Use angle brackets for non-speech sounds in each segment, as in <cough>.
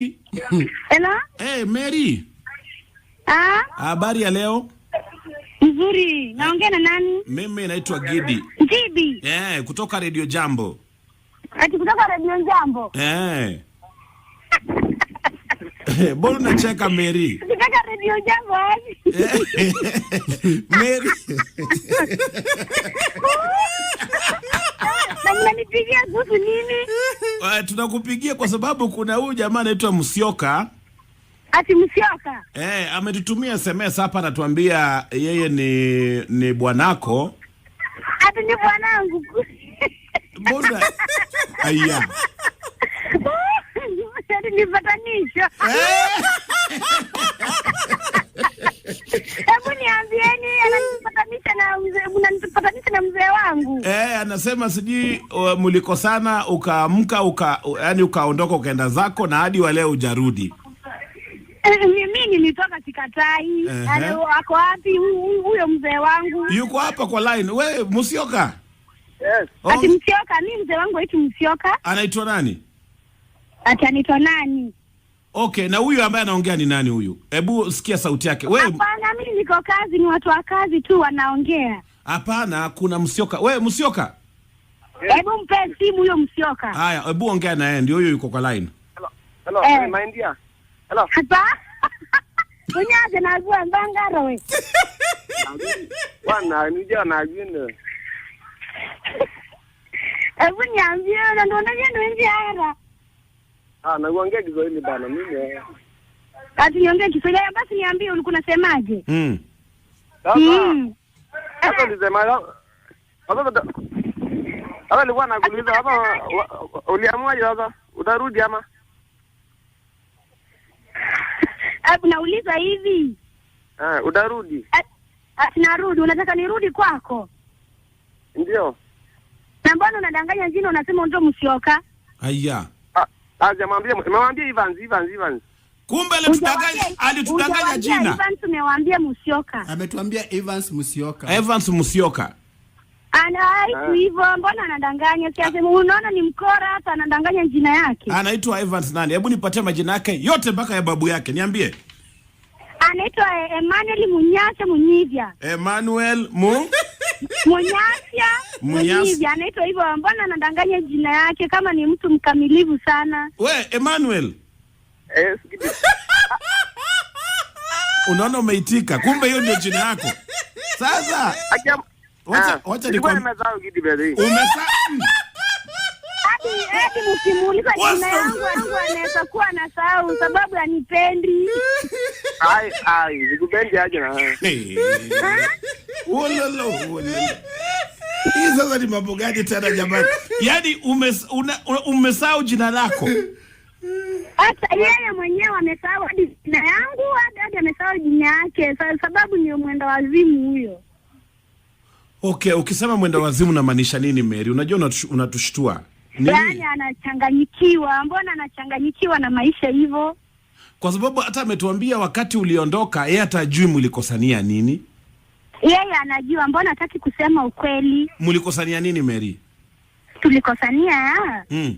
Hello? Hey, Mary. Ah? Habari ya leo? Nzuri. Naongea na nani? Mimi naitwa Gidi. Gidi. Eh, hey, kutoka Radio Jambo. Ati kutoka Radio Jambo. Eh. Yeah. Mbona unacheka Mary? Kutoka Radio Jambo. Eh. <laughs> Mary. <laughs> na mnanipigia kuhusu nini? Uh, <laughs> tunakupigia kwa sababu kuna huyu jamaa anaitwa Msioka. Ati Msioka? Eh, ametutumia SMS hapa anatuambia yeye ni ni bwanako. Ati ni bwanangu. Mbona? Aya. <laughs> Ati ni eh. Hebu niambieni na mzee wangu eh, anasema sijui uh, mlikosana ukaamka uka, yani ukaondoka ukaenda zako na hadi waleo ujarudi Mimi eh, nilitoka sikatai. Yaani, ako wapi huyo mzee wangu? Yuko hapa kwa line. We Musioka? Yes. Oh. Ati Msioka, ni mzee wangu eti Msioka. Anaitwa nani? Ati anaitwa nani? Okay, na huyu ambaye anaongea ni nani huyu? Hebu sikia sauti yake. Wewe. Hapana, mimi niko kazi, ni watu wa kazi tu wanaongea. Hapana, kuna Msioka. We Msioka, hebu mpe simu huyo Msioka. Haya, hebu ongea na yeye, ndio huyo yuko kwa line. Hello. Hello. Eh. My India. Hello. Hapa. Unyaze <laughs> na gwa mbangaro we. <laughs> Bwana, nija na gwine. <laughs> Hebu niambie na ndo nani ndo nje ara. Ah, na uongea Kiswahili bana mimi. Eh. Ati niongee Kiswahili basi niambie ulikuwa unasemaje? Mm. Sasa. Mm. Sasa nilisema sasa sasa nilikuwa nakuuliza sasa uliamwaje sasa utarudi ama? Hebu nauliza hivi. Ah, utarudi? Sinarudi, eh, eh, unataka nirudi kwako? Ndio. Na mbona unadanganya njini unasema ndio msioka? Aya. Ah, ah jamwambia, nimemwambia Evans, Evans, Evans. Kumbe alitudanganya jina. Evans umewaambia Musioka. Ametuambia Evans Musioka. Evans Musioka. Anaitwa eh. hivyo, mbona anadanganya? Siasa, unaona ni mkora hata anadanganya jina yake. Anaitwa Evans nani? Hebu nipatie majina yake yote mpaka ya babu yake. Niambie. Anaitwa eh, Emmanuel Munyasha Munyivya. Emmanuel Mu <laughs> Munyasha Munyivya. Anaitwa hivyo, mbona anadanganya jina yake kama ni mtu mkamilivu sana. We, Emmanuel Eh, <laughs> unaona umeitika, kumbe hiyo ndio jina yako. Sasa wacha ah, ni jina yangu anaweza kuwa na sahau sababu anipendi. Hii sasa ni mambo gani tena jamani? Yaani umesahau jina lako. Sasa yeye mwenyewe amesahau hadi jina yangu, hadi amesahau jina yake, sababu ni mwenda wazimu huyo. Okay, ukisema mwenda wazimu unamaanisha nini Mary? Unajua unatushtua nini? Yaani anachanganyikiwa, mbona anachanganyikiwa na maisha hivyo? Kwa sababu hata ametuambia wakati uliondoka, yeye atajui mlikosania nini. Yeye anajua, mbona hataki kusema ukweli. Mlikosania nini Mary? Tulikosania mm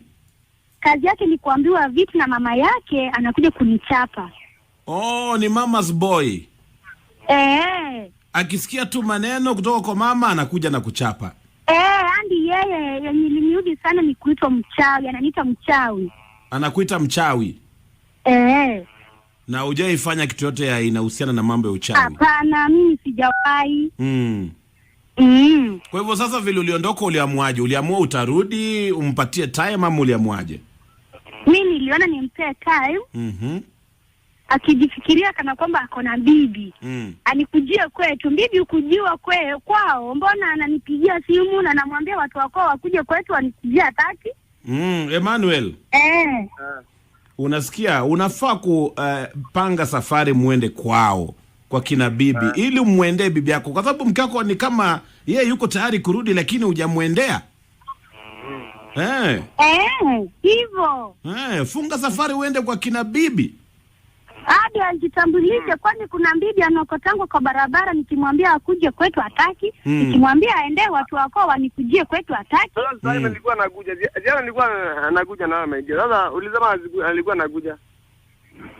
kazi yake ni kuambiwa vipi na mama yake anakuja kunichapa. Oh, ni mama's boy. Eh. Akisikia tu maneno kutoka kwa mama anakuja na kuchapa. Eh, andi yeye yenye sana ni kuitwa mchawi, ananiita mchawi. Anakuita mchawi. Eh. Na hujaifanya kitu yote ya inahusiana na mambo ya uchawi? Hapana, mimi sijawahi. Mm. Mm. Kwa hivyo sasa vile uliondoka uliamwaje? Uliamua utarudi umpatie time ama uliamwaje? mi niliona nimpee time mm -hmm. akijifikiria kana kwamba ako na bibi mm. anikujie kwetu bibi ukujiwa kwe kwao mbona ananipigia simu na namwambia watu wakwao wakuje kwetu wanikujia taki mm, Emmanuel eh. Ah. unasikia unafaa kupanga eh, uh, safari mwende kwao kwa kina bibi ah. ili umwendee bibi yako kwa sababu mke wako ni kama yeye yuko tayari kurudi lakini hujamwendea eh, eh, hivyo eh, funga safari uende kwa kina bibi hadi ajitambulishe, kwani kuna bibi anakotangwa kwa barabara. Nikimwambia akuje kwetu hataki mm. Nikimwambia aende watu wako wanikujie kwetu hataki. Sasa mm. nilikuwa nakuja jana, nilikuwa nakuja na ameingia sasa. Ulisema alikuwa nakuja?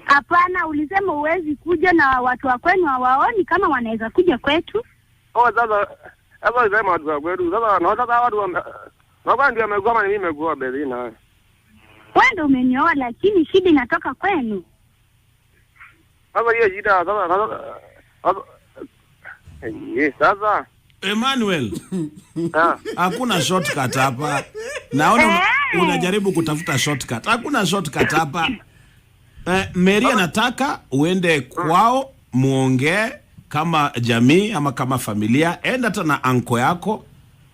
Hapana, ulisema uwezi kuja na watu wa kwenu hawaoni kama wanaweza kuja kwetu. Oh, sasa sasa ulisema watu wa kwetu sasa, naona sasa watu Baba ndio amegoma, mimi nimegoma bedhi na Wewe Wewe ndio umenioa, lakini shida inatoka kwenu. Baba hiyo shida sasa sasa sasa eh, Emmanuel, Ah, hakuna shortcut hapa. Naona eh? unajaribu kutafuta shortcut. Hakuna shortcut hapa. Eh, Mary anataka uende kwao muongee kama jamii ama kama familia, enda hata na anko yako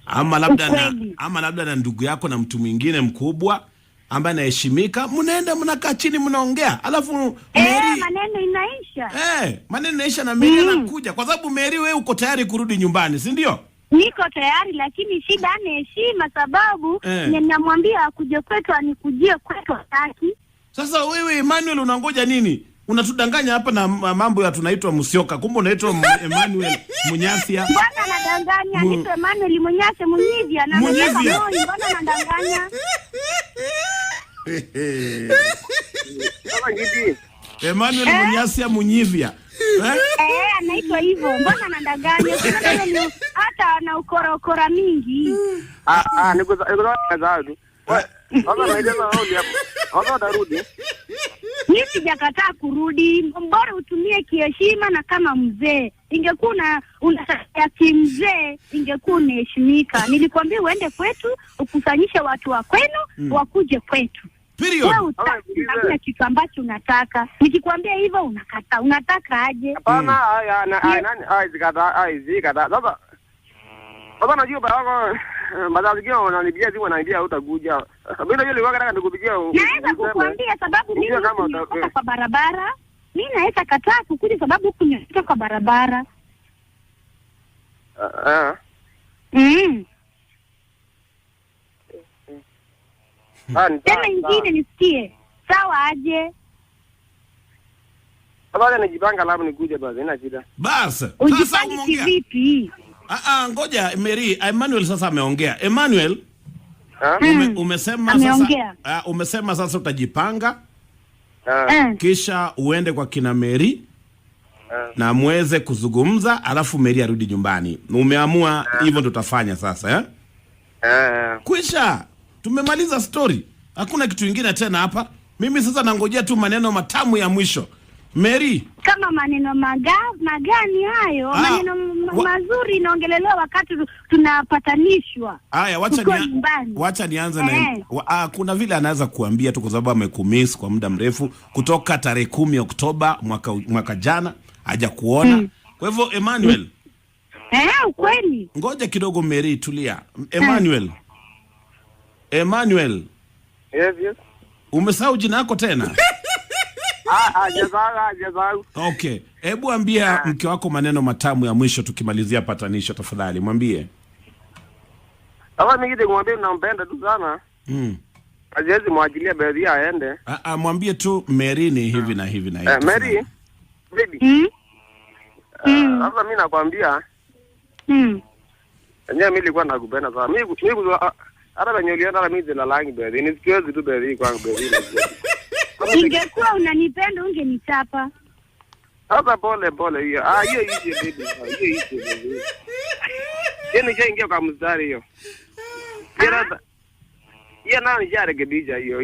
ama labda na, ama labda na ndugu yako na mtu mwingine mkubwa ambaye anaheshimika, mnaenda mnakaa chini mnaongea, alafu eh, Mary, e, maneno inaisha eh, maneno inaisha na Mary mm. anakuja kwa sababu Mary, wewe uko tayari kurudi nyumbani, si ndio? Niko tayari lakini shida ni heshima, sababu eh, ninamwambia akuje kwetu anikujie kwetu hataki. Sasa wewe Emmanuel, unangoja nini? Unatudanganya hapa na mambo ya tunaitwa Musyoka, kumbe unaitwa Emmanuel Munyasia. Mbona anadanganya? Anaitwa Emmanuel Munyasia Munyivia na Munyivia. Mbona anadanganya? Emmanuel Munyasia Munyivia. Eh, anaitwa hivyo. Mbona anadanganya? Hata ana ukora ukora mingi. Ah ah, niko niko mi sijakataa kurudi, bora utumie kiheshima, na kama mzee ingekuwa unasaa kimzee, ingekuwa unaheshimika. Nilikwambia uende kwetu ukusanyishe watu wa kwenu mm. wakuje kwetu hakuna kitu ambacho unataka. Nikikwambia hivyo unakata, unataka aje? Hapana, hmm. sasa Baba najua baba wako baadhi eh, yao wananipigia simu wanaambia utakuja. <laughs> Mimi najua leo nataka nikupigia. Naweza kukuambia sababu mimi niko kwa barabara. Mimi naweza kataa kukuja sababu huku kwa barabara. Ah. Uh, mm. Ah, Tena ingine nisikie. Sawa aje? Baba najipanga labda nikuje basi, ina shida. Basi. Ujipange kivipi? Ah, ah, ngoja Mary, Emmanuel sasa ameongea. Emmanuel ume, hmm. umesema ameongea. Sasa uh, umesema sasa utajipanga uh, kisha uende kwa kina Mary uh, na muweze kuzungumza, alafu Mary arudi nyumbani. Umeamua hivyo ndo utafanya sasa eh? Uh, kwisha tumemaliza story, hakuna kitu kingine tena hapa. Mimi sasa nangojea tu maneno matamu ya mwisho Mary, kama maneno maga, magani hayo ah, maneno wa, mazuri inaongelelewa wakati tunapatanishwa. Haya, wacha ni, wacha nianze na eh. wa, ah, kuna vile anaweza kuambia tu kwa sababu amekumiss kwa muda mrefu kutoka tarehe kumi Oktoba mwaka, mwaka jana haja kuona hmm. Kwa hivyo Emmanuel hmm. Eh, ukweli. Ngoja kidogo Mary, tulia. Emmanuel Hmm. Emmanuel yes, yes. Umesahau jina lako tena <laughs> Ah, ah, okay, hebu ambia ah. mke wako maneno matamu ya mwisho tukimalizia patanisho, tafadhali mwambie. Nampenda tu sana mm. Haziwezi mwajilia baby aende. Ah ah, mwambie tu Mary ni hivi na hivi na eh, hivi. Eh, Mary. Baby. Mm. Uh, sasa mimi nakwambia. Mm. Nyaa mimi nilikuwa nakupenda sana. Mimi mimi hata venye ulienda mimi zilalangi baby. Ni sikiwezi tu baby kwangu baby. Ingekuwa unanipenda ungenichapa. Sasa pole pole, hiyo ah, hiyo ah, hiyo hiyo hiyo yeye nishaingia kwa mstari hiyo. Yeye ah. nayo nisharekebisha hiyo.